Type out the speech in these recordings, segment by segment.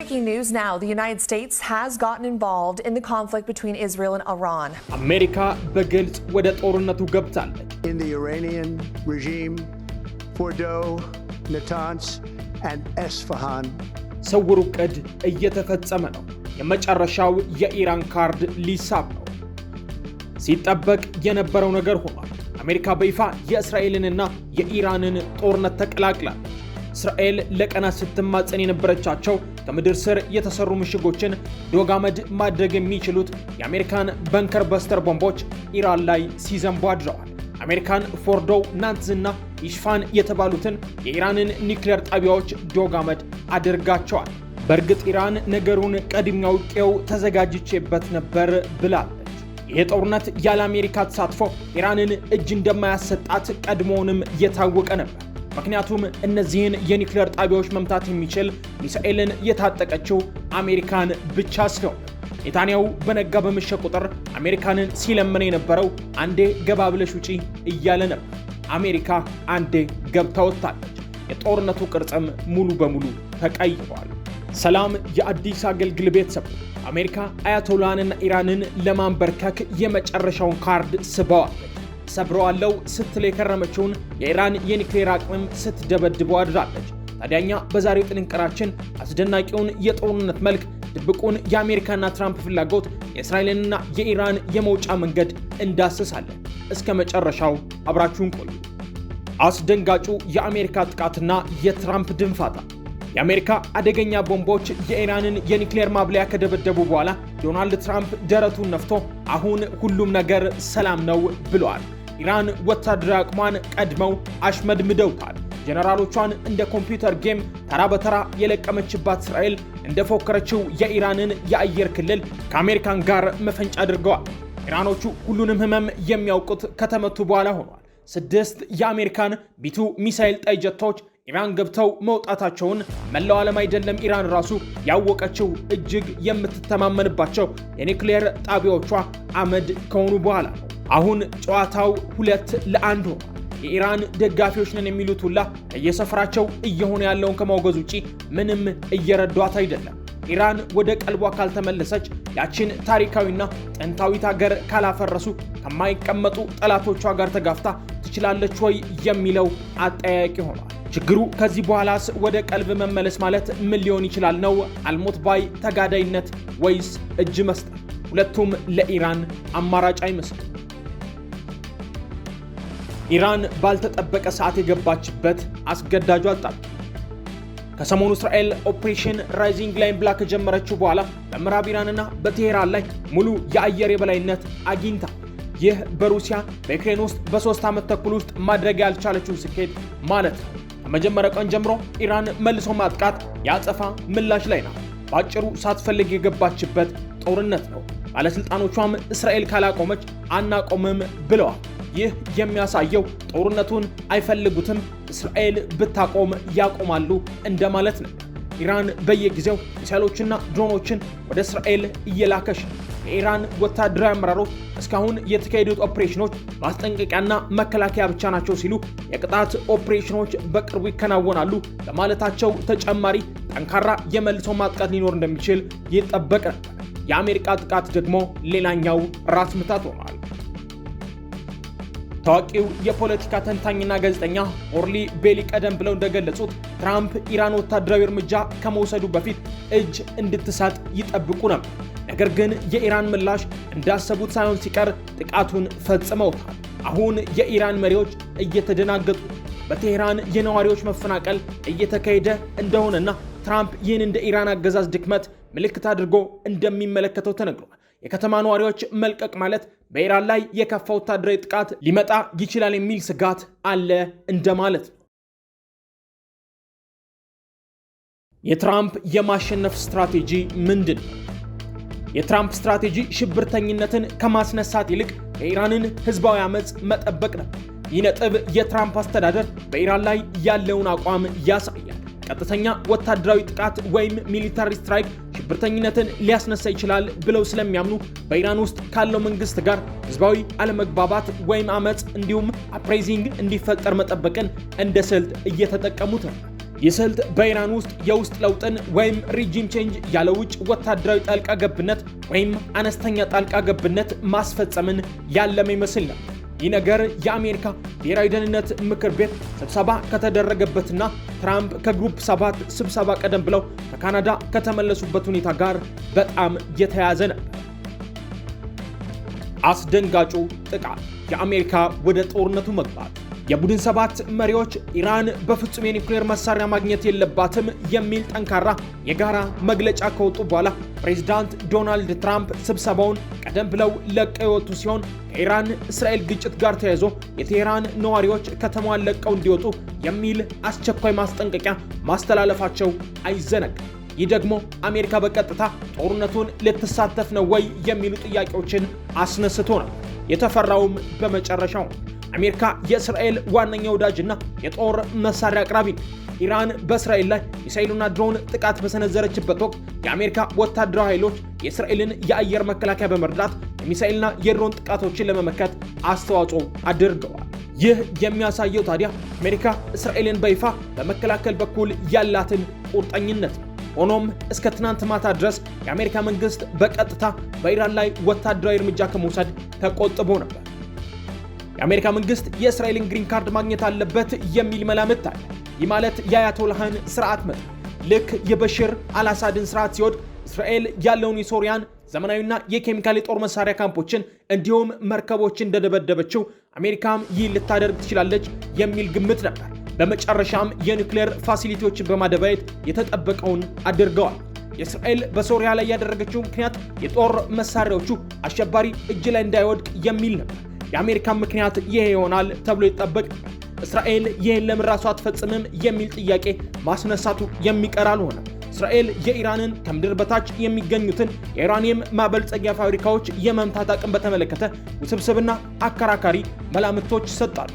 Breaking news now, the United States has gotten involved in the conflict between Israel and Iran. አሜሪካ በግልጽ ወደ ጦርነቱ ገብታለች። In the Iranian regime, Fordo, Natanz and Esfahan. ስውሩ ዕቅድ እየተፈጸመ ነው። የመጨረሻው የኢራን ካርድ ሊሳብ ነው። ሲጠበቅ የነበረው ነገር ሆኗል። አሜሪካ በይፋ የእስራኤልንና የኢራንን ጦርነት ተቀላቅላለች። እስራኤል ለቀናት ስትማጸን የነበረቻቸው ከምድር ስር የተሰሩ ምሽጎችን ዶጋመድ ማድረግ የሚችሉት የአሜሪካን በንከር በስተር ቦምቦች ኢራን ላይ ሲዘንቡ አድረዋል። አሜሪካን ፎርዶ፣ ናንትዝና ኢሽፋን የተባሉትን የኢራንን ኒውክሌር ጣቢያዎች ዶጋመድ አድርጋቸዋል። በእርግጥ ኢራን ነገሩን ቀድሜ አውቄው ተዘጋጅቼበት ነበር ብላል። ይህ ጦርነት ያለ አሜሪካ ተሳትፎ ኢራንን እጅ እንደማያሰጣት ቀድሞውንም የታወቀ ነበር። ምክንያቱም እነዚህን የኒውክሌር ጣቢያዎች መምታት የሚችል ሚሳኤልን የታጠቀችው አሜሪካን ብቻ ስለሆነ ኔታንያሁ በነጋ በመሸ ቁጥር አሜሪካንን ሲለምን የነበረው አንዴ ገባ ብለሽ ውጪ እያለ ነበር። አሜሪካ አንዴ ገብታ ወጥታለች። የጦርነቱ ቅርጽም ሙሉ በሙሉ ተቀይሯል። ሰላም የአዲስ አገልግል ቤተሰብ አሜሪካ አያቶላንና ኢራንን ለማንበርከክ የመጨረሻውን ካርድ ስበዋለች። ሰብረዋለው ስትል የከረመችውን የኢራን የኒውክሌር አቅምም ስትደበድበው አድራለች። ታዲያኛ በዛሬው ጥንቅራችን አስደናቂውን የጦርነት መልክ፣ ድብቁን የአሜሪካና ትራምፕ ፍላጎት፣ የእስራኤልንና የኢራን የመውጫ መንገድ እንዳስሳለን። እስከ መጨረሻው አብራችሁን ቆዩ። አስደንጋጩ የአሜሪካ ጥቃትና የትራምፕ ድንፋታ። የአሜሪካ አደገኛ ቦምቦች የኢራንን የኒክሌር ማብለያ ከደበደቡ በኋላ ዶናልድ ትራምፕ ደረቱን ነፍቶ አሁን ሁሉም ነገር ሰላም ነው ብለዋል። ኢራን ወታደራዊ አቅሟን ቀድመው አሽመድምደውታል። ጀነራሎቿን እንደ ኮምፒውተር ጌም ተራ በተራ የለቀመችባት እስራኤል እንደፎከረችው የኢራንን የአየር ክልል ከአሜሪካን ጋር መፈንጫ አድርገዋል። ኢራኖቹ ሁሉንም ህመም የሚያውቁት ከተመቱ በኋላ ሆኗል። ስድስት የአሜሪካን ቢቱ ሚሳይል ጣይ ጀቶች ኢራን ገብተው መውጣታቸውን መላው ዓለም አይደለም ኢራን ራሱ ያወቀችው እጅግ የምትተማመንባቸው የኒውክሌር ጣቢያዎቿ አመድ ከሆኑ በኋላ ነው። አሁን ጨዋታው ሁለት ለአንድ ሆኗል። የኢራን ደጋፊዎች ነን የሚሉት ሁላ እየሰፍራቸው እየሆነ ያለውን ከማውገዝ ውጪ ምንም እየረዷት አይደለም። ኢራን ወደ ቀልቧ ካልተመለሰች ያችን ታሪካዊና ጥንታዊት ሀገር ካላፈረሱ ከማይቀመጡ ጠላቶቿ ጋር ተጋፍታ ትችላለች ወይ የሚለው አጠያቂ ሆኗል። ችግሩ ከዚህ በኋላስ ወደ ቀልብ መመለስ ማለት ምን ሊሆን ይችላል ነው? አልሞት ባይ ተጋዳይነት፣ ወይስ እጅ መስጠት? ሁለቱም ለኢራን አማራጭ አይመስልም። ኢራን ባልተጠበቀ ሰዓት የገባችበት አስገዳጁ አጣብቂኝ ከሰሞኑ እስራኤል ኦፕሬሽን ራይዚንግ ላይን ብላ ከጀመረችው በኋላ በምዕራብ ኢራንና በቴሄራን ላይ ሙሉ የአየር የበላይነት አግኝታ ይህ በሩሲያ በዩክሬን ውስጥ በሶስት ዓመት ተኩል ውስጥ ማድረግ ያልቻለችው ስኬት ማለት ነው። ከመጀመሪያው ቀን ጀምሮ ኢራን መልሶ ማጥቃት የአጸፋ ምላሽ ላይ ናት። በአጭሩ ሳትፈልግ የገባችበት ጦርነት ነው። ባለስልጣኖቿም እስራኤል ካላቆመች አናቆምም ብለዋል። ይህ የሚያሳየው ጦርነቱን አይፈልጉትም፣ እስራኤል ብታቆም ያቆማሉ እንደማለት ነው። ኢራን በየጊዜው ሚሳይሎችና ድሮኖችን ወደ እስራኤል እየላከች ነው። የኢራን ወታደራዊ አመራሮች እስካሁን የተካሄዱት ኦፕሬሽኖች ማስጠንቀቂያና መከላከያ ብቻ ናቸው ሲሉ የቅጣት ኦፕሬሽኖች በቅርቡ ይከናወናሉ በማለታቸው ተጨማሪ ጠንካራ የመልሶ ማጥቃት ሊኖር እንደሚችል ይጠበቅ ነበር። የአሜሪካ ጥቃት ደግሞ ሌላኛው ራስ ምታት ሆኗል። ታዋቂው የፖለቲካ ተንታኝና ጋዜጠኛ ኦርሊ ቤሊ ቀደም ብለው እንደገለጹት ትራምፕ ኢራን ወታደራዊ እርምጃ ከመውሰዱ በፊት እጅ እንድትሰጥ ይጠብቁ ነበር። ነገር ግን የኢራን ምላሽ እንዳሰቡት ሳይሆን ሲቀር ጥቃቱን ፈጽመውታል። አሁን የኢራን መሪዎች እየተደናገጡ በቴህራን የነዋሪዎች መፈናቀል እየተካሄደ እንደሆነና ትራምፕ ይህን እንደ ኢራን አገዛዝ ድክመት ምልክት አድርጎ እንደሚመለከተው ተነግሯል። የከተማ ነዋሪዎች መልቀቅ ማለት በኢራን ላይ የከፋ ወታደራዊ ጥቃት ሊመጣ ይችላል የሚል ስጋት አለ እንደማለት ነው። የትራምፕ የማሸነፍ ስትራቴጂ ምንድን ነው? የትራምፕ ስትራቴጂ ሽብርተኝነትን ከማስነሳት ይልቅ የኢራንን ህዝባዊ አመፅ መጠበቅ ነበር። ይህ ነጥብ የትራምፕ አስተዳደር በኢራን ላይ ያለውን አቋም ያሳያል። ቀጥተኛ ወታደራዊ ጥቃት ወይም ሚሊታሪ ስትራይክ ሽብርተኝነትን ሊያስነሳ ይችላል ብለው ስለሚያምኑ በኢራን ውስጥ ካለው መንግስት ጋር ህዝባዊ አለመግባባት ወይም አመፅ እንዲሁም አፕሬዚንግ እንዲፈጠር መጠበቅን እንደ ስልት እየተጠቀሙት ነው። ይህ ስልት በኢራን ውስጥ የውስጥ ለውጥን ወይም ሪጂም ቼንጅ ያለ ውጭ ወታደራዊ ጣልቃ ገብነት ወይም አነስተኛ ጣልቃ ገብነት ማስፈጸምን ያለመ ይመስል ነው። ይህ ነገር የአሜሪካ ብሔራዊ ደህንነት ምክር ቤት ስብሰባ ከተደረገበትና ትራምፕ ከግሩፕ ሰባት ስብሰባ ቀደም ብለው ከካናዳ ከተመለሱበት ሁኔታ ጋር በጣም የተያያዘ ነበር። አስደንጋጩ ጥቃት፣ የአሜሪካ ወደ ጦርነቱ መግባት የቡድን ሰባት መሪዎች ኢራን በፍጹም የኒውክሌር መሳሪያ ማግኘት የለባትም የሚል ጠንካራ የጋራ መግለጫ ከወጡ በኋላ ፕሬዚዳንት ዶናልድ ትራምፕ ስብሰባውን ቀደም ብለው ለቀው የወጡ ሲሆን ከኢራን እስራኤል ግጭት ጋር ተያይዞ የቴህራን ነዋሪዎች ከተማዋን ለቀው እንዲወጡ የሚል አስቸኳይ ማስጠንቀቂያ ማስተላለፋቸው አይዘነጋም። ይህ ደግሞ አሜሪካ በቀጥታ ጦርነቱን ልትሳተፍ ነው ወይ የሚሉ ጥያቄዎችን አስነስቶ ነው። የተፈራውም በመጨረሻው ነው። አሜሪካ የእስራኤል ዋነኛ ወዳጅና የጦር መሳሪያ አቅራቢ ነው። ኢራን በእስራኤል ላይ ሚሳኤልና ድሮን ጥቃት በሰነዘረችበት ወቅት የአሜሪካ ወታደራዊ ኃይሎች የእስራኤልን የአየር መከላከያ በመርዳት የሚሳኤልና የድሮን ጥቃቶችን ለመመከት አስተዋጽኦ አድርገዋል። ይህ የሚያሳየው ታዲያ አሜሪካ እስራኤልን በይፋ በመከላከል በኩል ያላትን ቁርጠኝነት ሆኖም እስከ ትናንት ማታ ድረስ የአሜሪካ መንግስት በቀጥታ በኢራን ላይ ወታደራዊ እርምጃ ከመውሰድ ተቆጥቦ ነበር። የአሜሪካ መንግስት የእስራኤልን ግሪን ካርድ ማግኘት አለበት የሚል መላምት አለ። ይህ ማለት የአያቶላህን ስርዓት መጣ። ልክ የበሽር አልአሳድን ስርዓት ሲወድቅ እስራኤል ያለውን የሶሪያን ዘመናዊና የኬሚካል የጦር መሳሪያ ካምፖችን እንዲሁም መርከቦችን እንደደበደበችው አሜሪካም ይህን ልታደርግ ትችላለች የሚል ግምት ነበር። በመጨረሻም የኒውክሌር ፋሲሊቲዎችን በማደባየት የተጠበቀውን አድርገዋል። የእስራኤል በሶሪያ ላይ ያደረገችው ምክንያት የጦር መሳሪያዎቹ አሸባሪ እጅ ላይ እንዳይወድቅ የሚል ነበር። የአሜሪካን ምክንያት ይሄ ይሆናል ተብሎ ይጠበቅ እስራኤል ይህን ለምን አትፈጽምም የሚል ጥያቄ ማስነሳቱ የሚቀር አልሆነም። እስራኤል የኢራንን ከምድር በታች የሚገኙትን የኢራኒየም ማበልጸጊያ ፋብሪካዎች የመምታት አቅም በተመለከተ ውስብስብና አከራካሪ መላምቶች ይሰጣሉ።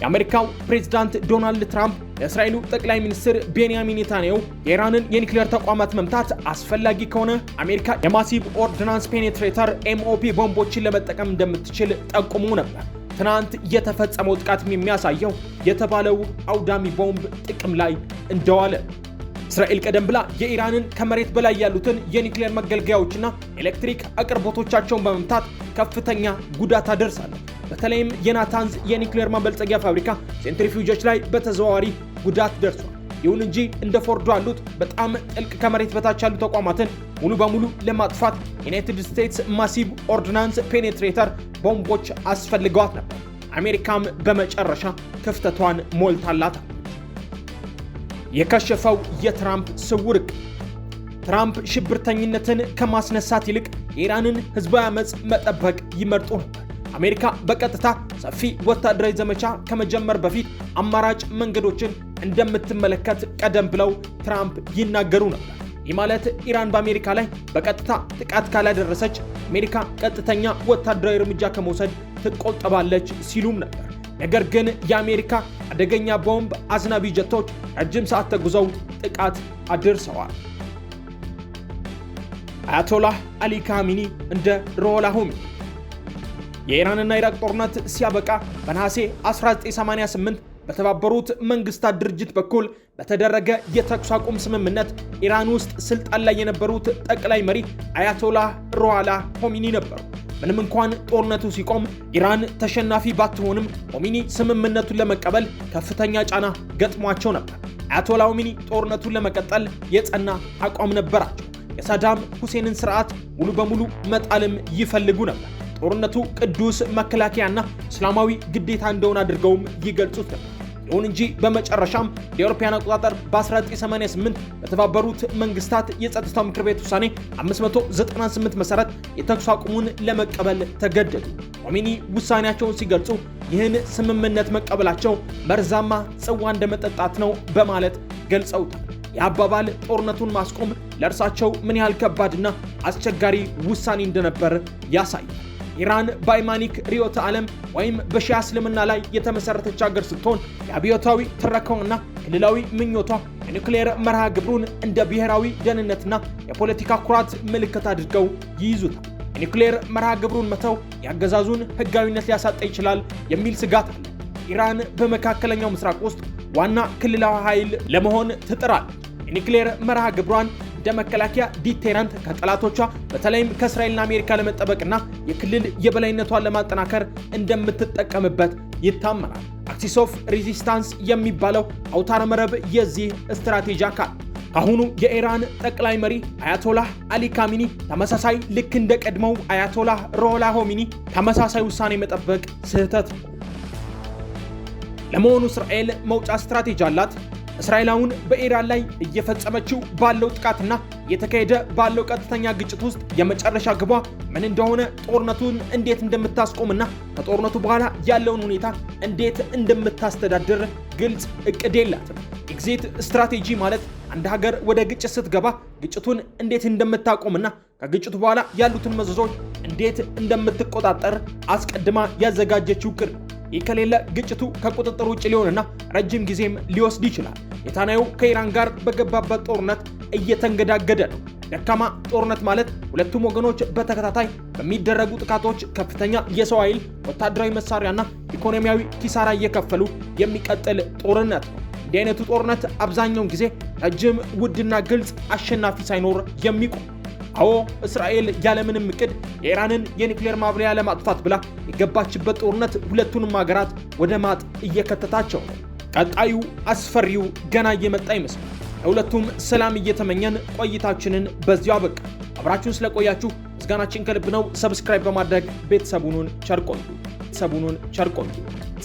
የአሜሪካው ፕሬዚዳንት ዶናልድ ትራምፕ ለእስራኤሉ ጠቅላይ ሚኒስትር ቤንያሚን ኔታንያሁ የኢራንን የኒክሌር ተቋማት መምታት አስፈላጊ ከሆነ አሜሪካ የማሲቭ ኦርዲናንስ ፔኔትሬተር ኤምኦፒ ቦምቦችን ለመጠቀም እንደምትችል ጠቁሞ ነበር። ትናንት የተፈጸመው ጥቃት የሚያሳየው የተባለው አውዳሚ ቦምብ ጥቅም ላይ እንደዋለ እስራኤል ቀደም ብላ የኢራንን ከመሬት በላይ ያሉትን የኒክሌር መገልገያዎችና ኤሌክትሪክ አቅርቦቶቻቸውን በመምታት ከፍተኛ ጉዳት አደርሳለች። በተለይም የናታንዝ የኒውክሌር ማበልጸጊያ ፋብሪካ ሴንትሪፊውጆች ላይ በተዘዋዋሪ ጉዳት ደርሷል። ይሁን እንጂ እንደ ፎርዶ ያሉት በጣም ጥልቅ ከመሬት በታች ያሉ ተቋማትን ሙሉ በሙሉ ለማጥፋት ዩናይትድ ስቴትስ ማሲቭ ኦርዲናንስ ፔኔትሬተር ቦምቦች አስፈልገዋት ነበር። አሜሪካም በመጨረሻ ክፍተቷን ሞልታላት። የከሸፈው የትራምፕ ስውር ትራምፕ ሽብርተኝነትን ከማስነሳት ይልቅ የኢራንን ህዝባዊ አመፅ መጠበቅ ይመርጡ ነበር። አሜሪካ በቀጥታ ሰፊ ወታደራዊ ዘመቻ ከመጀመር በፊት አማራጭ መንገዶችን እንደምትመለከት ቀደም ብለው ትራምፕ ይናገሩ ነበር። ይህ ማለት ኢራን በአሜሪካ ላይ በቀጥታ ጥቃት ካላደረሰች አሜሪካ ቀጥተኛ ወታደራዊ እርምጃ ከመውሰድ ትቆጠባለች ሲሉም ነበር። ነገር ግን የአሜሪካ አደገኛ ቦምብ አዝናቢ ጀቶች ረጅም ሰዓት ተጉዘው ጥቃት አድርሰዋል። አያቶላህ አሊ ካሚኒ እንደ ሮላሁሚ የኢራንና ኢራቅ ጦርነት ሲያበቃ በነሐሴ 1988 በተባበሩት መንግስታት ድርጅት በኩል በተደረገ የተኩስ አቁም ስምምነት ኢራን ውስጥ ስልጣን ላይ የነበሩት ጠቅላይ መሪ አያቶላህ ሮዋላ ሆሚኒ ነበሩ። ምንም እንኳን ጦርነቱ ሲቆም ኢራን ተሸናፊ ባትሆንም ሆሚኒ ስምምነቱን ለመቀበል ከፍተኛ ጫና ገጥሟቸው ነበር። አያቶላ ሆሚኒ ጦርነቱን ለመቀጠል የጸና አቋም ነበራቸው። የሳዳም ሁሴንን ስርዓት ሙሉ በሙሉ መጣልም ይፈልጉ ነበር። ጦርነቱ ቅዱስ መከላከያና እስላማዊ ግዴታ እንደሆነ አድርገውም ይገልጹት ነበር። ይሁን እንጂ በመጨረሻም የአውሮፓውያን አቆጣጠር በ1988 በተባበሩት መንግስታት የጸጥታው ምክር ቤት ውሳኔ 598 መሰረት የተኩስ አቁሙን ለመቀበል ተገደዱ። khomeini ውሳኔያቸውን ሲገልጹ ይህን ስምምነት መቀበላቸው መርዛማ ጽዋ እንደመጠጣት ነው በማለት ገልጸውታል። የአባባል ጦርነቱን ማስቆም ለእርሳቸው ምን ያህል ከባድና አስቸጋሪ ውሳኔ እንደነበር ያሳያል። ኢራን በአይማኒክ ሪዮተ ዓለም ወይም በሺያ እስልምና ላይ የተመሰረተች ሀገር ስትሆን የአብዮታዊ ትረካዋና ክልላዊ ምኞቷ የኒውክሌር መርሃ ግብሩን እንደ ብሔራዊ ደህንነትና የፖለቲካ ኩራት ምልክት አድርገው ይይዙታል። የኒውክሌር መርሃ ግብሩን መተው የአገዛዙን ህጋዊነት ሊያሳጣ ይችላል የሚል ስጋት አለ። ኢራን በመካከለኛው ምስራቅ ውስጥ ዋና ክልላዊ ኃይል ለመሆን ትጥራል። የኒውክሌር መርሃ ግብሯን እንደ መከላከያ ዲቴራንት ከጠላቶቿ በተለይም ከእስራኤልና አሜሪካ ለመጠበቅና የክልል የበላይነቷን ለማጠናከር እንደምትጠቀምበት ይታመናል። አክሲስ ኦፍ ሬዚስታንስ የሚባለው አውታረ መረብ የዚህ ስትራቴጂ አካል አሁኑ የኢራን ጠቅላይ መሪ አያቶላህ አሊ ካሚኒ ተመሳሳይ ልክ እንደ ቀድሞው አያቶላህ ሮላ ሆሚኒ ተመሳሳይ ውሳኔ መጠበቅ ስህተት ነው። ለመሆኑ እስራኤል መውጫ ስትራቴጂ አላት? እስራኤል አሁን በኢራን ላይ እየፈጸመችው ባለው ጥቃትና እየተካሄደ ባለው ቀጥተኛ ግጭት ውስጥ የመጨረሻ ግቧ ምን እንደሆነ፣ ጦርነቱን እንዴት እንደምታስቆምና ከጦርነቱ በኋላ ያለውን ሁኔታ እንዴት እንደምታስተዳድር ግልጽ እቅድ የላትም። ኤግዚት ስትራቴጂ ማለት አንድ ሀገር ወደ ግጭት ስትገባ ግጭቱን እንዴት እንደምታቆምና ከግጭቱ በኋላ ያሉትን መዘዞች እንዴት እንደምትቆጣጠር አስቀድማ ያዘጋጀችው ቅር ይህ ከሌለ ግጭቱ ከቁጥጥር ውጭ ሊሆንና ረጅም ጊዜም ሊወስድ ይችላል። ኔታንያሁ ከኢራን ጋር በገባበት ጦርነት እየተንገዳገደ ነው። ደካማ ጦርነት ማለት ሁለቱም ወገኖች በተከታታይ በሚደረጉ ጥቃቶች ከፍተኛ የሰው ኃይል፣ ወታደራዊ መሳሪያና ኢኮኖሚያዊ ኪሳራ እየከፈሉ የሚቀጥል ጦርነት ነው። እንዲህ አይነቱ ጦርነት አብዛኛውን ጊዜ ረጅም፣ ውድና ግልጽ አሸናፊ ሳይኖር የሚቆም አዎ እስራኤል ያለምንም እቅድ የኢራንን የኒውክሌር ማብሪያ ለማጥፋት ብላ የገባችበት ጦርነት ሁለቱንም ሀገራት ወደ ማጥ እየከተታቸው ነው። ቀጣዩ አስፈሪው ገና እየመጣ ይመስላል። ለሁለቱም ሰላም እየተመኘን ቆይታችንን በዚያው አበቃ። አብራችሁን ስለቆያችሁ ምስጋናችን ከልብ ነው። ሰብስክራይብ በማድረግ ቤተሰቡኑን ቸርቆዩ ቤተሰቡኑን ቸርቆዩ